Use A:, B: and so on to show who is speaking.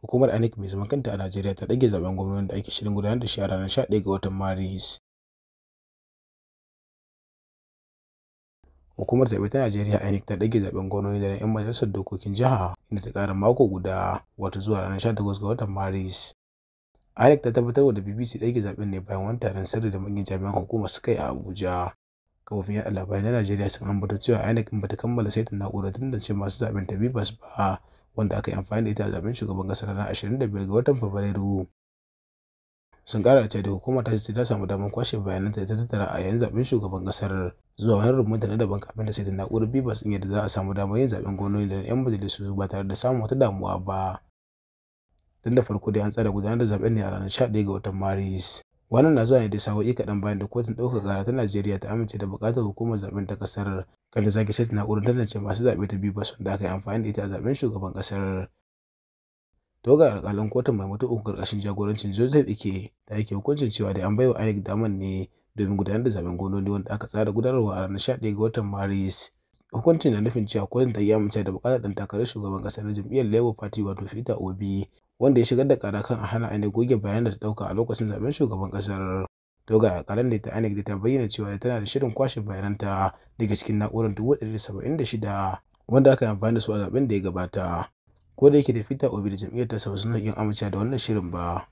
A: Hukumar INEC mai zaman kanta a Najeriya ta ɗage zaɓen gwamnati da ake shirin gudanar da shi a ranar 11 ga watan Maris.
B: Hukumar zaɓe ta Najeriya INEC ta dage zaben gwamnati da na 'yan majalisar dokokin jiha inda ta ƙara mako guda wata zuwa ranar 18 ga watan Maris. INEC ta tabbatar da BBC ɗage zaɓen ne bayan wani taron sirri da manyan jami'an hukumar suka yi a Abuja. kafofin yaɗa labarai na Najeriya sun ambata cewa INEC bata kammala saitin na'urar ce masu zaɓen ta bibas ba wanda aka yi amfani da ita a zaben shugaban kasa ranar 25 ga watan Fabrairu. Sun ƙara da cewa da hukumar ta ce ta samu damar kwashe bayanan da ta tattara a yayin zaben shugaban kasar zuwa wani rumunta na daban kafin da ta na'urar bibas ɗin yadda za a samu damar yin zaben gwamnoni da 'yan majalisu ba tare da samun wata damuwa ba. Tun da farko dai an tsara gudanar da zaben ne a ranar 11 ga watan Maris. Wannan na zuwa ne da sa'o'i kaɗan bayan da kotun ɗaukar ƙara ta Najeriya ta amince da buƙatar hukumar zaɓen ta ƙasar kan zaki sai na na'urar tantance masu zaɓe ta biyu su da aka yi amfani da ita a zaɓen shugaban ƙasar. doga alƙalan kotun mai mutu uku ƙarƙashin jagorancin Joseph Ike ta yake hukuncin cewa da an baiwa INEC daman ne domin gudanar da zaɓen gwamnoni wanda aka tsara gudanarwa a ranar ɗaya ga watan Maris. Hukuncin na nufin cewa kotun ta yi amince da buƙatar ɗan takarar shugaban ƙasar na jam'iyyar Labour Party wato Peter Obi wanda ya shigar da kara kan a hana INEC goge bayanan da ta ɗauka a lokacin zaben shugaban ƙasar. Togar alƙalan da ta da ta bayyana cewa tana da shirin kwashe bayananta daga cikin na'urar dubu ɗari da da saba'in shida, wanda aka yi amfani da su a zaben da ya gabata. Ko da yake
A: da fita Obi da jam'iyyar ta wasu yin amincewa da wannan shirin ba.